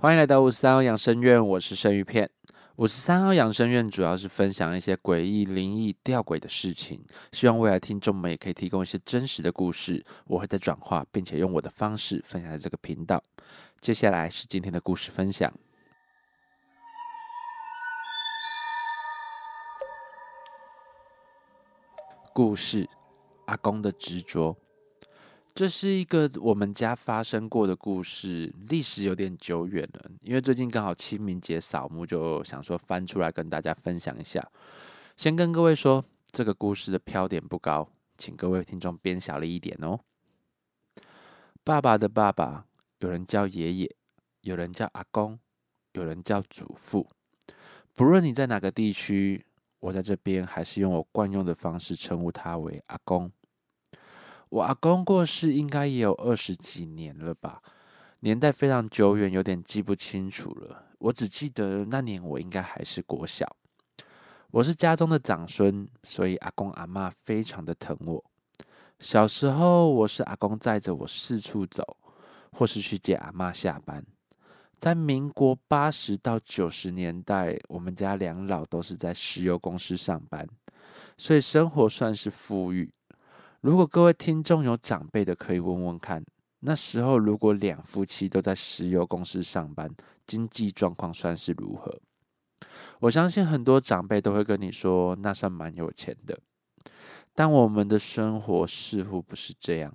歡迎來到五十三號養生怨，我是生魚片。五十三號養生怨主要是分享一些詭異、靈異、弔詭的事情，希望未來聽眾們也可以提供一些真實的故事，我會再轉化，並且用我的方式分享這個頻道。接下來是今天的故事分享。故事：阿公的執着。這是一個我們家發生過的故事，歷史有點久遠了。因為最近剛好清明節掃墓，就想說翻出來跟大家分享一下。先跟各位說，這個故事的飄點不高，請各位聽眾編小了一點哦。爸爸的爸爸，有人叫爺爺，有人叫阿公，有人叫祖父。不論你在哪個地區，我在這邊還是用我慣用的方式稱呼他為阿公。我阿公過世應該也有二十幾年了吧，年代非常久遠，有點記不清楚了。我只記得那年我應該還是國小，我是家中的長孫，所以阿公阿媽非常的疼我。小時候，我是阿公載着我四處走，或是去接阿媽下班。在民國八十到九十年代，我們家兩老都是在石油公司上班，所以生活算是富裕。如果各位聽眾有長輩的，可以問問看。那時候如果兩夫妻都在石油公司上班，經濟狀況算是如何？我相信很多長輩都會跟你說，那算蠻有錢的。但我們的生活似乎不是這樣。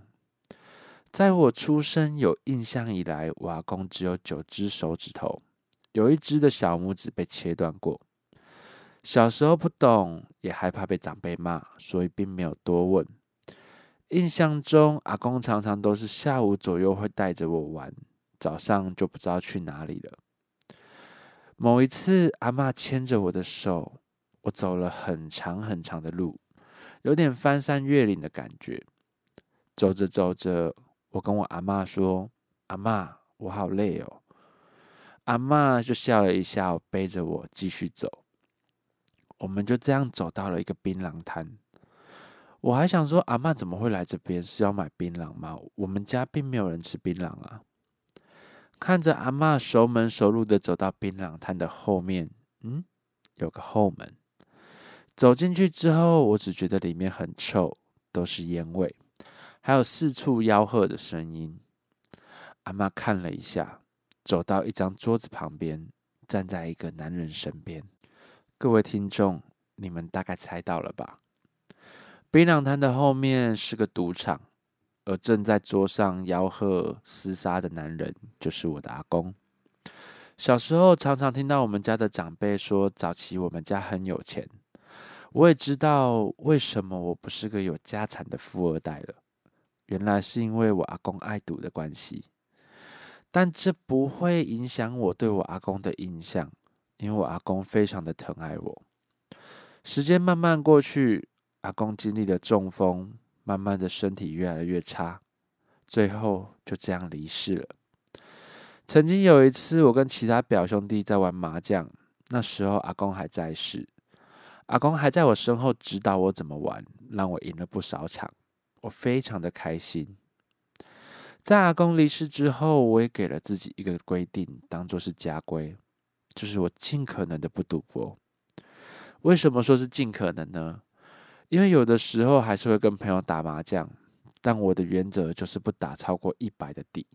在我出生有印象以來，阿公只有九隻手指頭，有一隻的小拇指被切斷過。小時候不懂，也害怕被長輩罵，所以並沒有多問。印象中，阿公常常都是下午左右會帶着我玩，早上就不知道去哪裡了。某一次，阿嬤牽着我的手，我走了很長很長的路，有點翻山越嶺的感覺。走着走着，我跟我阿嬤說：“阿嬤，我好累哦。”阿嬤就笑了一下，背着我繼續走。我們就這樣走到了一個檳榔攤。我還想說，阿嬤怎麼會來這邊？是要買檳榔嗎？我們家並沒有人吃檳榔啊。看着阿嬤熟門熟路的走到檳榔攤的後面，嗯，有個後門。走進去之後，我只覺得裡面很臭，都是煙味，還有四處吆喝的聲音。阿嬤看了一下，走到一張桌子旁邊，站在一個男人身邊。各位聽眾，你們大概猜到了吧？檳榔攤的後面是個賭場，而正在桌上吆喝廝殺的男人就是我的阿公。小時候常常聽到我們家的長輩說，早期我們家很有錢。我也知道為什麼我不是個有家產的富二代了，原來是因為我阿公愛賭的關係。但這不會影響我對我阿公的印象，因為我阿公非常的疼愛我。時間慢慢過去。阿公經歷了中風，慢慢的身體越來越差，最後就這樣離世了。曾經有一次，我跟其他表兄弟在玩麻將，那時候阿公還在世，阿公還在我身後指導我怎麼玩，讓我贏了不少場，我非常的開心。在阿公離世之後，我也給了自己一個規定，當做是家規，就是我儘可能的不賭博。為什麼說是儘可能呢？因為有的時候還是會跟朋友打麻將，但我的原則就是不打超過一百的底，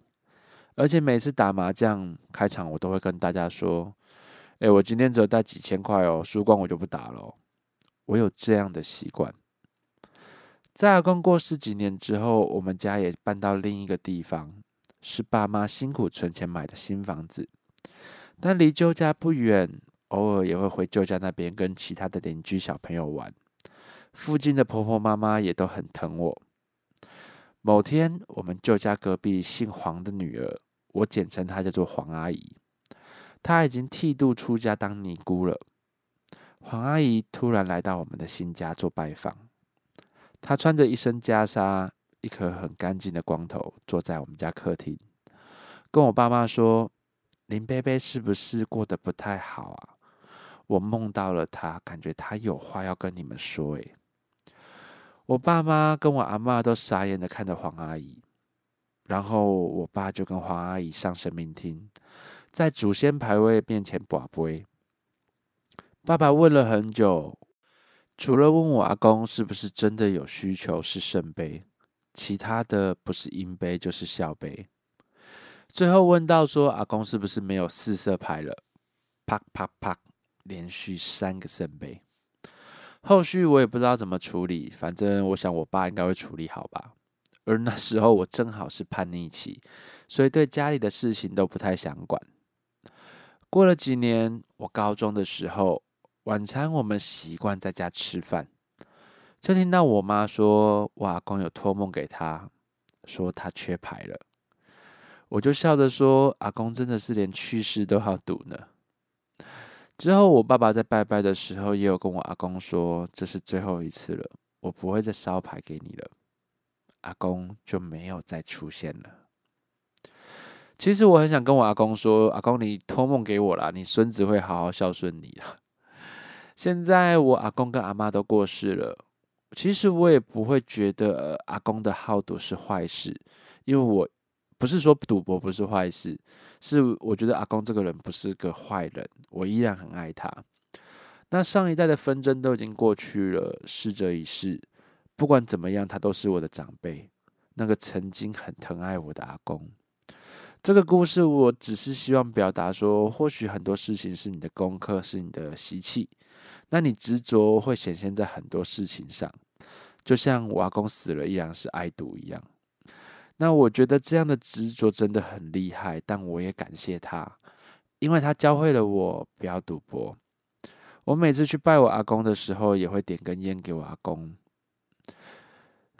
而且每次打麻將開場，我都會跟大家說：“哎，我今天只有帶幾千塊哦，輸光我就不打了哦。”我有這樣的習慣。在阿公過世幾年之後，我們家也搬到另一個地方，是爸媽辛苦存錢買的新房子，但離舊家不遠，偶爾也會回舊家那邊跟其他的鄰居小朋友玩。附近的婆婆媽媽也都很疼我。某天，我們舊家隔壁姓黃的女兒，我簡稱她叫做黃阿姨，她已經剃度出家當尼姑了。黃阿姨突然來到我們的新家做拜訪，她穿着一身袈裟，一顆很乾淨的光頭，坐在我們家客廳，跟我爸媽說：“林伯伯是不是過得不太好啊？”我夢到了他，感覺他有話要跟你們說。哎，我爸媽跟我阿嬤都傻眼的看着黃阿姨，然後我爸就跟黃阿姨上神明廳，在祖先牌位面前拔杯。爸爸問了很久，除了問我阿公是不是真的有需求是聖杯，其他的不是陰杯就是笑杯。最後問到說阿公是不是沒有四色牌了？啪啪啪，啪。連續三個聖杯，後續我也不知道怎麼處理，反正我想我爸應該會處理好吧。而那時候我正好是叛逆期，所以對家裡的事情都不太想管。過了幾年，我高中的時候，晚餐我們習慣在家吃飯，就聽到我媽說：“我阿公有托夢給他說他缺牌了。”我就笑着說：“阿公真的是連去世都好賭呢。”之後，我爸爸在拜拜的時候也有跟我阿公說：“這是最後一次了，我不會再燒牌給你了。”阿公就沒有再出現了。其實我很想跟我阿公說：“阿公，你托夢給我啦，你孫子會好好孝順你了。”現在我阿公跟阿媽都過世了，其實我也不會覺得、呃、阿公的好賭是壞事，因為我。不是說賭博不是壞事，是我覺得阿公這個人不是個壞人，我依然很愛他。那上一代的紛爭都已經過去了，逝者已逝，不管怎麼樣，他都是我的長輩，那個曾經很疼愛我的阿公。這個故事，我只是希望表達說，或許很多事情是你的功課，是你的習氣，那你執着會顯現在很多事情上，就像我阿公死了依然是愛賭一樣。那我覺得這樣的執着真的很厲害，但我也感謝他，因為他教會了我不要賭博。我每次去拜我阿公的時候，也會點根煙給我阿公。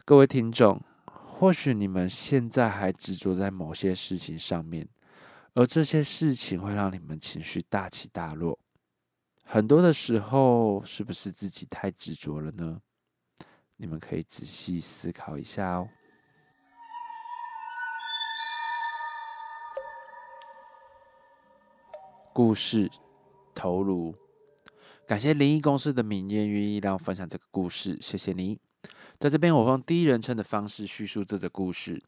各位聽眾，或許你們現在還執着在某些事情上面，而這些事情會讓你們情緒大起大落。很多的時候，是不是自己太執着了呢？你們可以仔細思考一下哦。故事，頭顱，感謝靈異公司的敏燕願意讓我分享這個故事，謝謝你。在這邊，我用第一人稱的方式敘述這個故事。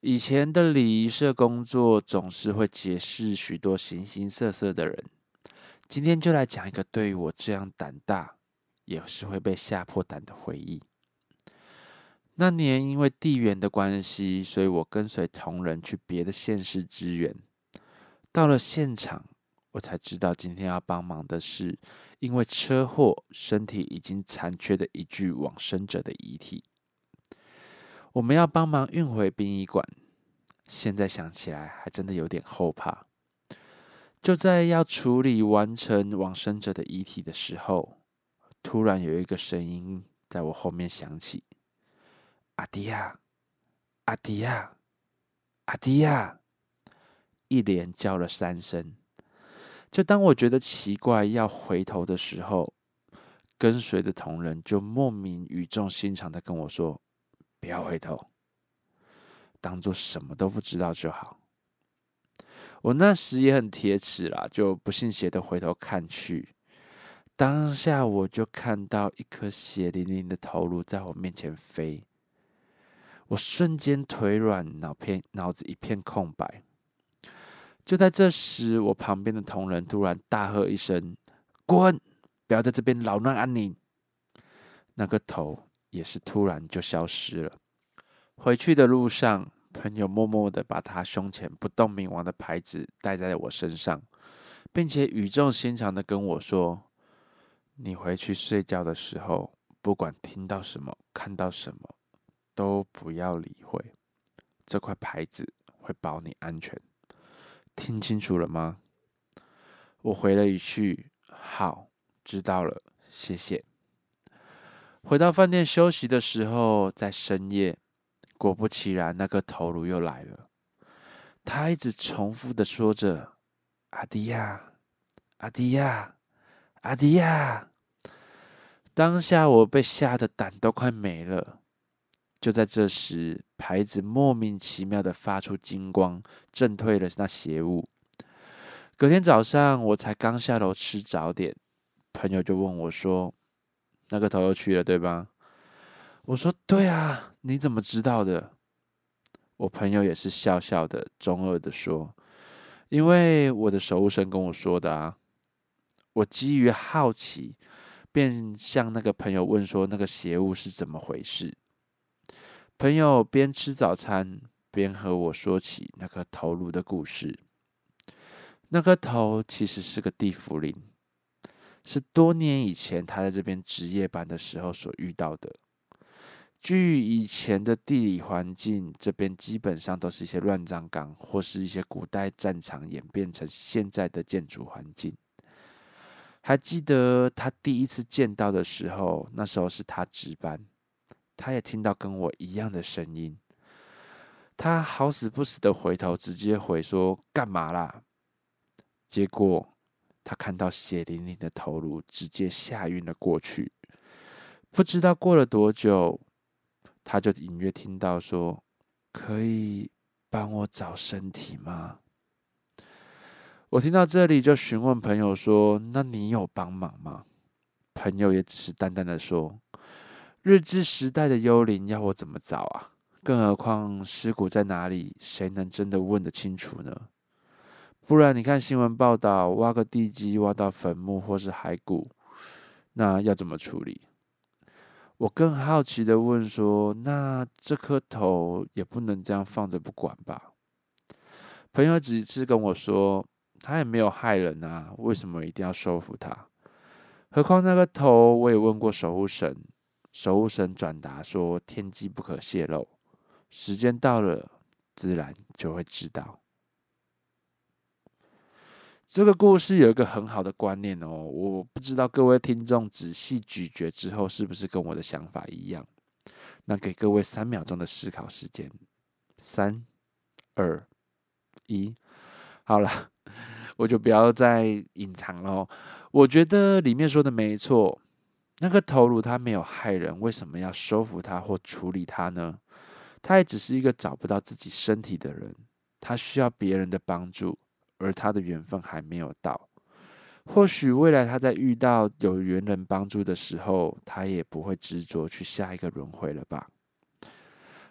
以前的禮儀社工作總是會結識許多形形色色的人，今天就來講一個對於我這樣膽大也是會被嚇破膽的回憶。那年因為地緣的關係，所以我跟隨同仁去別的縣市支援。到了現場，我才知道今天要幫忙的是因為車禍身體已經殘缺的一具往生者的遺體。我們要幫忙運回殯儀館。現在想起來還真的有點後怕。就在要處理完成往生者的遺體的時候，突然有一個聲音在我後面響起：“阿弟啊，阿弟啊，阿弟啊。”一連叫了三聲，就當我覺得奇怪要回頭的時候，跟隨的同仁就莫名語重心長的跟我說：“不要回頭，當做什麼都不知道就好。”我那時也很鐵齒啦，就不信邪的回頭看去，當下我就看到一顆血淋淋的頭顱在我面前飛，我瞬間腿軟，腦片，腦子一片空白。就在這時，我旁邊的同仁突然大喝一聲：“滾！不要在這邊擾亂安寧。”那個頭也是突然就消失了。回去的路上，朋友默默地把他胸前不動明王的牌子戴在我身上，並且語重心長地跟我說：“你回去睡覺的時候，不管聽到什麼、看到什麼，都不要理會。這塊牌子會保你安全。”聽清楚了嗎？我回了一句：“好，知道了，謝謝。”回到飯店休息的時候，在深夜，果不其然，那個頭顱又來了。他一直重複的說着：“阿迪亞，阿迪亞，阿迪亞。”當下我被嚇得膽都快沒了。就在這時，牌子莫名其妙的發出金光，震退了那邪物。隔天早上，我才剛下樓吃早點，朋友就問我說：“那個頭又去了，對吧？”我說：“對啊，你怎麼知道的？”我朋友也是笑笑的，中二的說：“因為我的守護神跟我說的啊。”我基於好奇，便向那個朋友問說：“那個邪物是怎麼回事？”朋友邊吃早餐邊和我說起那顆頭顱的故事。那顆頭其實是個地府靈，是多年以前他在這邊值夜班的時候所遇到的。據以前的地理環境，這邊基本上都是一些亂葬崗或是一些古代戰場演變成現在的建築環境。還記得他第一次見到的時候，那時候是他值班。他也聽到跟我一樣的聲音，他好死不死的回頭，直接回說：“幹嘛啦？”結果他看到血淋淋的頭顱，直接嚇暈了過去。不知道過了多久，他就隱約聽到說：“可以幫我找身體嗎？”我聽到這裡就詢問朋友說：“那你有幫忙嗎？”朋友也只是淡淡的說。日治時代的幽靈要我怎麼找啊？更何況屍骨在哪裡，誰能真的問得清楚呢？不然你看新聞報道，挖個地基挖到墳墓或是骸骨，那要怎麼處理？我更好奇的問說，那這顆頭也不能這樣放着不管吧？朋友幾次跟我說，他也沒有害人啊，為什麼一定要收服他？何況那個頭，我也問過守護神。守護神轉達說：“天機不可洩露，時間到了，自然就會知道。”這個故事有一個很好的觀念哦，我不知道各位聽眾仔細咀嚼之後，是不是跟我的想法一樣？那給各位三秒鐘的思考時間，三、二、一，好了，我就不要再隱藏了哦，我覺得裡面說的沒錯。那個頭顱他沒有害人，為什麼要收服他或處理他呢？他也只是一個找不到自己身體的人，他需要別人的幫助，而他的緣分還沒有到。或許未來他在遇到有緣人幫助的時候，他也不會執着去下一個輪迴了吧？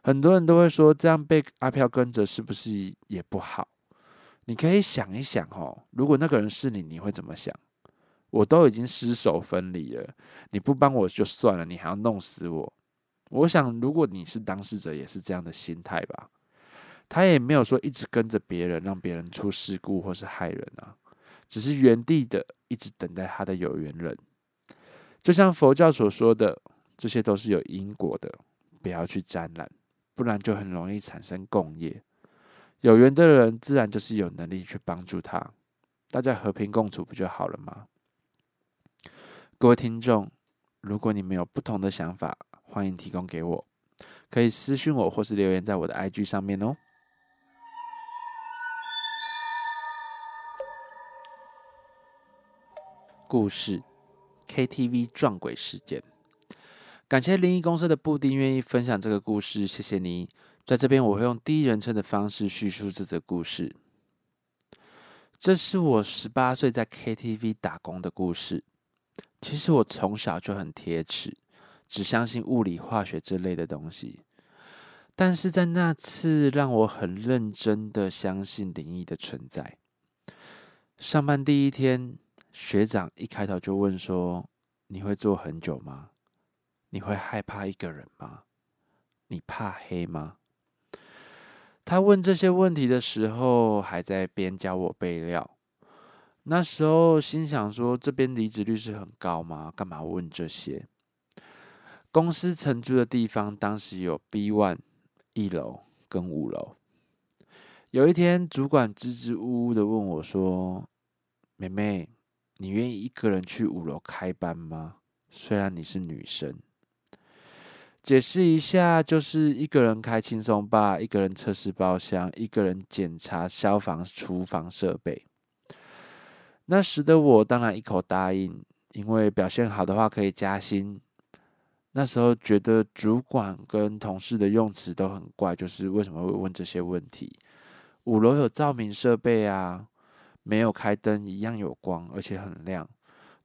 很多人都會說，這樣被阿飄跟着是不是也不好？你可以想一想哦，如果那個人是你，你會怎麼想？我都已經屍首分離了，你不幫我就算了，你還要弄死我？我想，如果你是當事者，也是這樣的心態吧。他也沒有說一直跟着別人，讓別人出事故或是害人啊，只是原地的一直等待他的有緣人。就像佛教所說的，這些都是有因果的，不要去沾染，不然就很容易產生共業。有緣的人自然就是有能力去幫助他，大家和平共處不就好了嗎？各位聽眾，如果你們有不同的想法，歡迎提供給我，可以私訊我或是留言在我的 IG 上面哦。故事 KTV 撞鬼事件，感謝靈異公司的布丁願意分享這個故事，謝謝你。在這邊，我會用第一人稱的方式敘述這則故事。這是我十八歲在 KTV 打工的故事。其實我從小就很鐵齒，只相信物理、化學之類的東西。但是在那次讓我很認真的相信靈異的存在。上班第一天，學長一開頭就問說：“你會做很久嗎？你會害怕一個人嗎？你怕黑嗎？”他問這些問題的時候，還在邊教我備料。那時候心想說，這邊離職率是很高嗎？幹嘛問這些？公司承租的地方當時有 B1、一樓跟五樓。有一天，主管支支吾吾的問我說：“妹妹，你願意一個人去五樓開班嗎？雖然你是女生。”解釋一下，就是一個人開輕鬆吧，一個人測試包廂，一個人檢查消防、廚房設備。那時的我當然一口答應，因為表現好的話可以加薪。那時候覺得主管跟同事的用詞都很怪，就是為什麼會問這些問題？五樓有照明設備啊，沒有開燈一樣有光，而且很亮，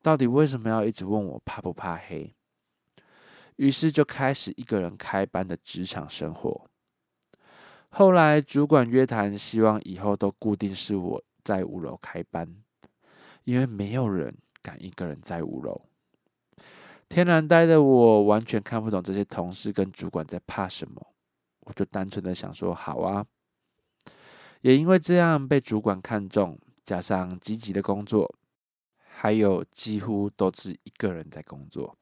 到底為什麼要一直問我怕不怕黑？於是就開始一個人開班的職場生活。後來主管約談，希望以後都固定是我在五樓開班。因為沒有人敢一個人在五樓。天然呆的我完全看不懂這些同事跟主管在怕什麼，我就單純的想說好啊。也因為這樣被主管看中，加上積極的工作，還有幾乎都是一個人在工作，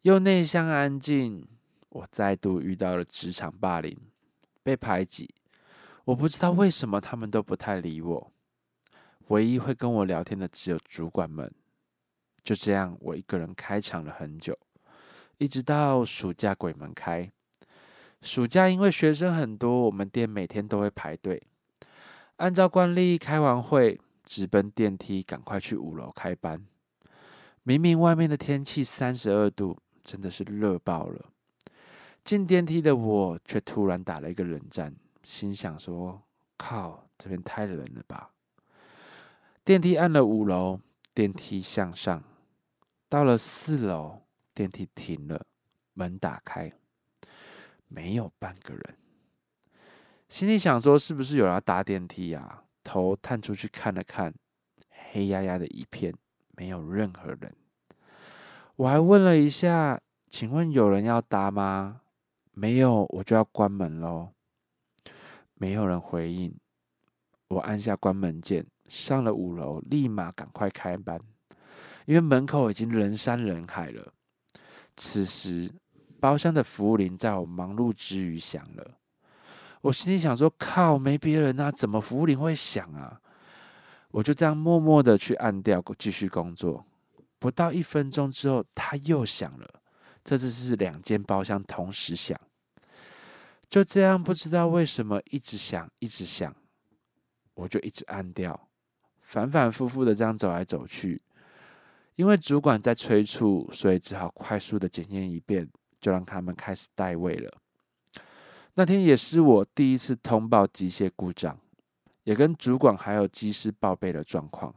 又內向安靜，我再度遇到了職場霸凌，被排擠。我不知道為什麼他們都不太理我。唯一會跟我聊天的只有主管們。就這樣，我一個人開場了很久，一直到暑假鬼門開。暑假因為學生很多，我們店每天都會排隊。按照慣例，開完會直奔電梯，趕快去五樓開班。明明外面的天氣三十二度，真的是熱爆了。進電梯的我卻突然打了一個冷戰，心想說：“靠，這邊太冷了吧？”電梯按了五樓，電梯向上，到了四樓，電梯停了，門打開，沒有半個人。心裡想說是不是有人要搭電梯呀、啊？頭探出去看了看，黑壓壓的一片，沒有任何人。我還問了一下，請問有人要搭嗎？沒有，我就要關門嘍。沒有人回應，我按下關門鍵。上了五樓，立馬趕快開班，因為門口已經人山人海了。此時，包廂的服務鈴在我忙碌之餘響了。我心裡想說：“靠，沒別人啊，怎麼服務鈴會響啊？”我就這樣默默的去按掉，繼續工作。不到一分鐘之後，它又響了。這次是兩間包廂同時響。就這樣，不知道為什麼一直響，一直響，我就一直按掉。反反復復的這樣走來走去，因為主管在催促，所以只好快速的檢驗一遍，就讓他們開始帶位了。那天也是我第一次通報機械故障，也跟主管還有技師報備了狀況。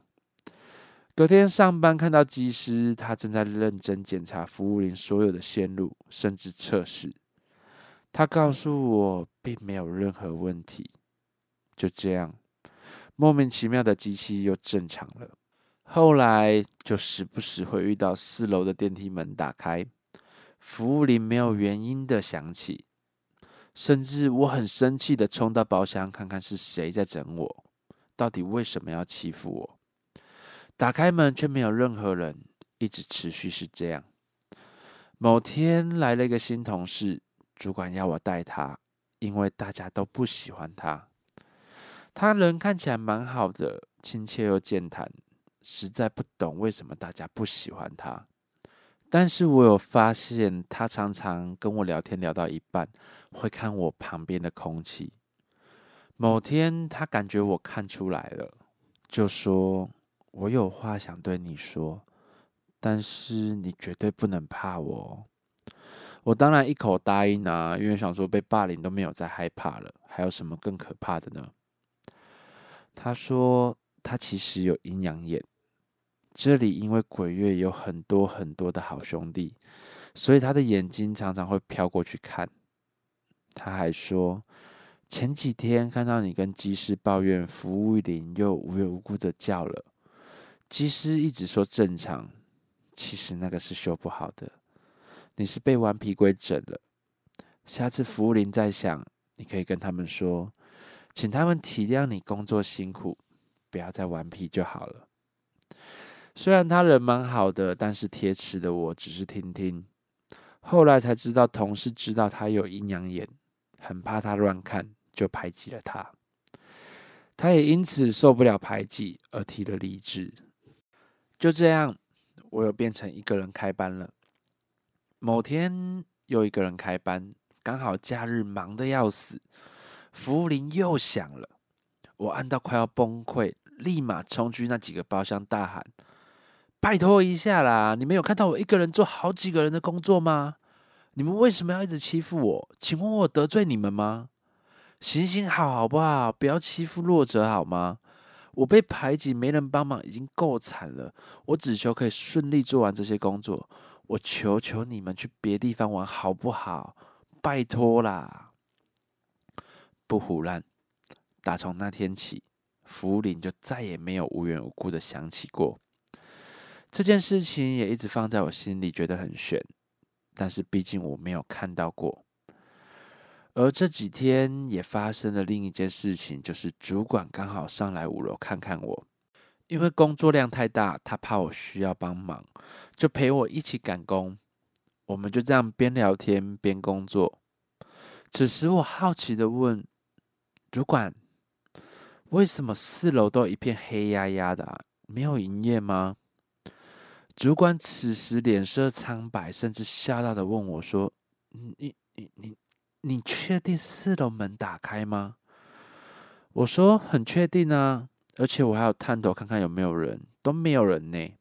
隔天上班看到技師，他正在認真檢查服務鈴所有的線路，甚至測試。他告訴我並沒有任何問題，就這樣。莫名其妙的機器又正常了，後來就時不時會遇到四樓的電梯門打開，服務鈴沒有原因的響起，甚至我很生氣的衝到包廂看看是誰在整我，到底為什麼要欺負我？打開門卻沒有任何人，一直持續是這樣。某天來了一個新同事，主管要我帶他，因為大家都不喜歡他。他人看起來蠻好的，親切又健談，實在不懂為什麼大家不喜歡他。但是我有發現，他常常跟我聊天聊到一半，會看我旁邊的空氣。某天，他感覺我看出來了，就說：“我有話想對你說，但是你絕對不能怕我。”我當然一口答應啊，因為想說被霸凌都沒有再害怕了，還有什麼更可怕的呢？他說：“他其實有陰陽眼，這裡因為鬼月有很多很多的好兄弟，所以他的眼睛常常會飄過去看。”他還說：“前幾天看到你跟機師抱怨服務鈴又無緣無故的叫了，機師一直說正常，其實那個是修不好的，你是被頑皮鬼整了。下次服務鈴再響，你可以跟他們說。”請他們體諒你工作辛苦，不要再頑皮就好了。雖然他人蠻好的，但是鐵齒的我只是聽聽。後來才知道，同事知道他有陰陽眼，很怕他亂看，就排擠了他。他也因此受不了排擠而提了離職。就這樣，我又變成一個人開班了。某天又一個人開班，剛好假日忙得要死。服務鈴又響了，我按到快要崩潰，立馬衝去那幾個包廂大喊：“拜託一下啦！你沒有看到我一個人做好幾個人的工作嗎？你們為什麼要一直欺負我？請問我得罪你們嗎？行行好好不好？不要欺負弱者好嗎？我被排擠，沒人幫忙，已經夠慘了。我只求可以順利做完這些工作。我求求你們去別地方玩好不好？拜託啦！”不胡亂。打從那天起，福林就再也沒有無緣無故的想起過這件事情，也一直放在我心裡，覺得很玄。但是畢竟我沒有看到過。而這幾天也發生了另一件事情，就是主管剛好上來五樓看看我，因為工作量太大，他怕我需要幫忙，就陪我一起趕工。我們就這樣邊聊天邊工作。此時我好奇的問。主管，為什麼四樓都一片黑壓壓的啊？沒有營業嗎？主管此時臉色蒼白，甚至嚇到的問我說：“你、你、你、你、你確定四樓門打開嗎？”我說：“很確定啊，而且我還要探頭看看有沒有人，都沒有人呢。”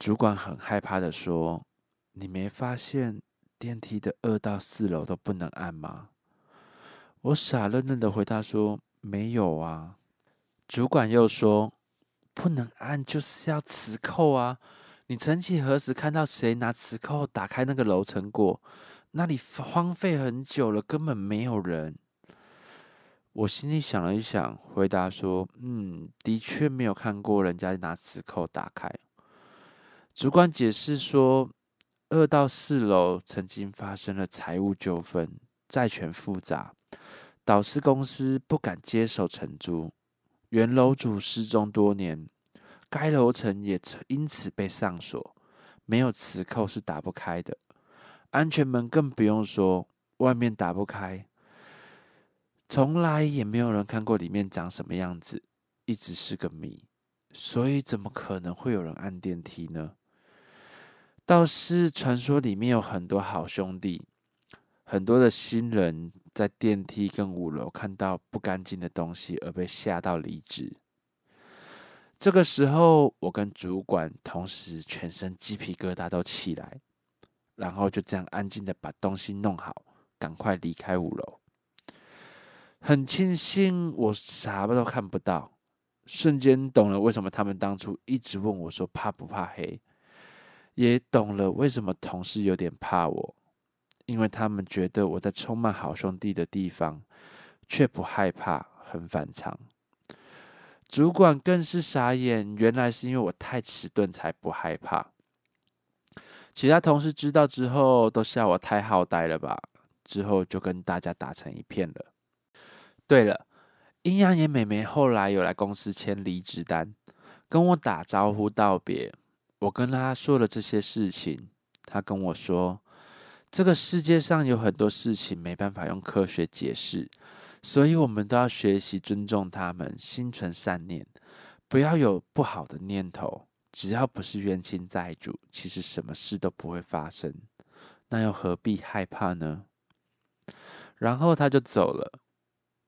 主管很害怕的說：“你沒發現電梯的二到四樓都不能按嗎？”我傻愣愣的回答說：“沒有啊。”主管又說：“不能按，就是要磁扣啊！你曾幾何時看到誰拿磁扣打開那個樓層過？那裡荒廢很久了，根本沒有人。”我心裡想了一想，回答說：“嗯，的確沒有看過人家拿磁扣打開。”主管解釋說：“二到四樓曾經發生了財務糾紛，債權複雜。”導師公司不敢接手承租，原樓主失蹤多年，該樓層也因此被上鎖，沒有磁扣是打不開的，安全門更不用說，外面打不開，從來也沒有人看過裡面長什麼樣子，一直是個謎，所以怎麼可能會有人按電梯呢？倒是傳說裡面有很多好兄弟，很多的新人。在電梯跟五樓看到不乾淨的東西而被嚇到離職。這個時候，我跟主管同時全身雞皮疙瘩都起來，然後就這樣安靜的把東西弄好，趕快離開五樓。很慶幸我啥都看不到，瞬間懂了為什麼他們當初一直問我說怕不怕黑，也懂了為什麼同事有點怕我。因為他們覺得我在充滿好兄弟的地方，卻不害怕，很反常。主管更是傻眼，原來是因為我太遲鈍才不害怕。其他同事知道之後，都笑我太好呆了吧。之後就跟大家打成一片了。對了，陰陽眼妹妹後來有來公司簽離職單，跟我打招呼道別。我跟她說了這些事情，她跟我說。這個世界上有很多事情沒辦法用科學解釋，所以我們都要學習尊重他們，心存善念，不要有不好的念頭。只要不是冤親債主，其實什麼事都不會發生，那又何必害怕呢？然後他就走了，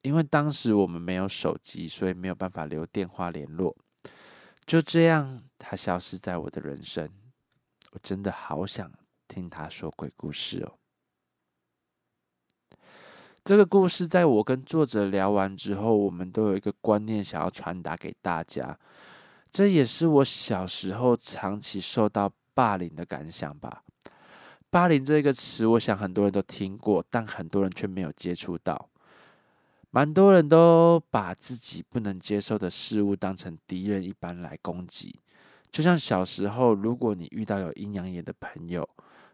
因為當時我們沒有手機，所以沒有辦法留電話聯絡。就這樣，他消失在我的人生。我真的好想。聽他說鬼故事哦。這個故事在我跟作者聊完之後，我們都有一個觀念想要傳達給大家。這也是我小時候長期受到霸凌的感想吧。霸凌這個詞，我想很多人都聽過，但很多人卻沒有接觸到。蠻多人都把自己不能接受的事物當成敵人一般來攻擊。就像小時候，如果你遇到有陰陽眼的朋友，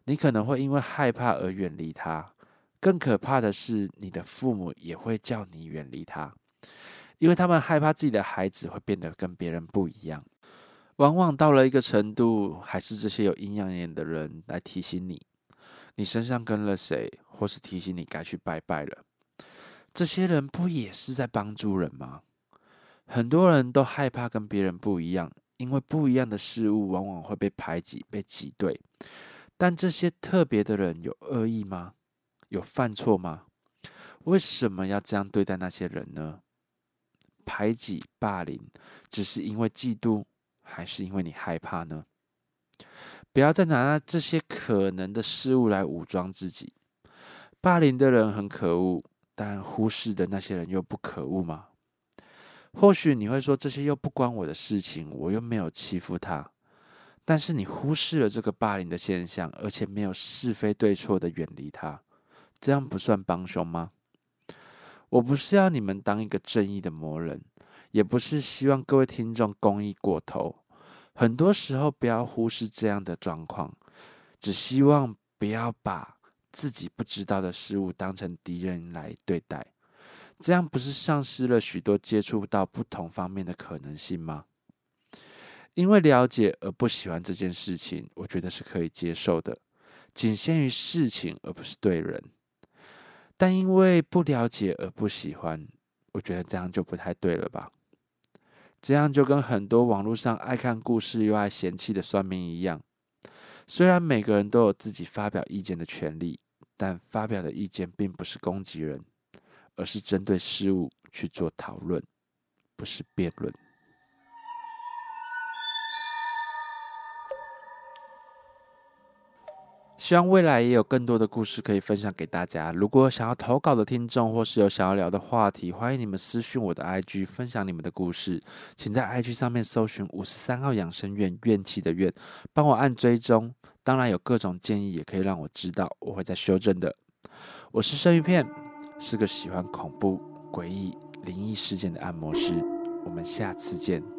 你可能會因為害怕而遠離他，更可怕的是，你的父母也會叫你遠離他，因為他們害怕自己的孩子會變得跟別人不一樣。往往到了一個程度，還是這些有陰陽眼的人來提醒你，你身上跟了誰，或是提醒你該去拜拜了。這些人不也是在幫助人嗎？很多人都害怕跟別人不一樣，因為不一樣的事物往往會被排擠、被擠兌。但這些特別的人有惡意嗎？有犯錯嗎？為什麼要這樣對待那些人呢？排擠、霸凌，只是因為嫉妒，還是因為你害怕呢？不要再拿這些可能的事物來武裝自己。霸凌的人很可惡，但忽視的那些人又不可惡嗎？或許你會說，這些又不關我的事情，我又沒有欺負他。但是你忽視了這個霸凌的現象，而且沒有是非對錯的遠離他，這樣不算幫兇嗎？我不是要你們當一個正義的魔人，也不是希望各位聽眾公益過頭。很多時候不要忽視這樣的狀況，只希望不要把自己不知道的事物當成敵人來對待，這樣不是喪失了許多接觸到不同方面的可能性嗎？因為了解而不喜歡這件事情，我覺得是可以接受的，僅限於事情而不是對人。但因為不了解而不喜歡，我覺得這樣就不太對了吧？這樣就跟很多網絡上愛看故事又愛嫌棄的算命一樣。雖然每個人都有自己發表意見的權利，但發表的意見並不是攻擊人，而是針對事物去做討論，不是辯論。希望未來也有更多的故事可以分享給大家。如果想要投稿的聽眾，或是有想要聊的話題，歡迎你們私訊我的 IG，分享你們的故事。請在 IG 上面搜尋五十三號養生怨，怨氣的怨，幫我按追蹤。當然，有各種建議也可以讓我知道，我會再修正的。我是生魚片，是個喜歡恐怖、詭異、靈異事件的按摩師。我們下次見。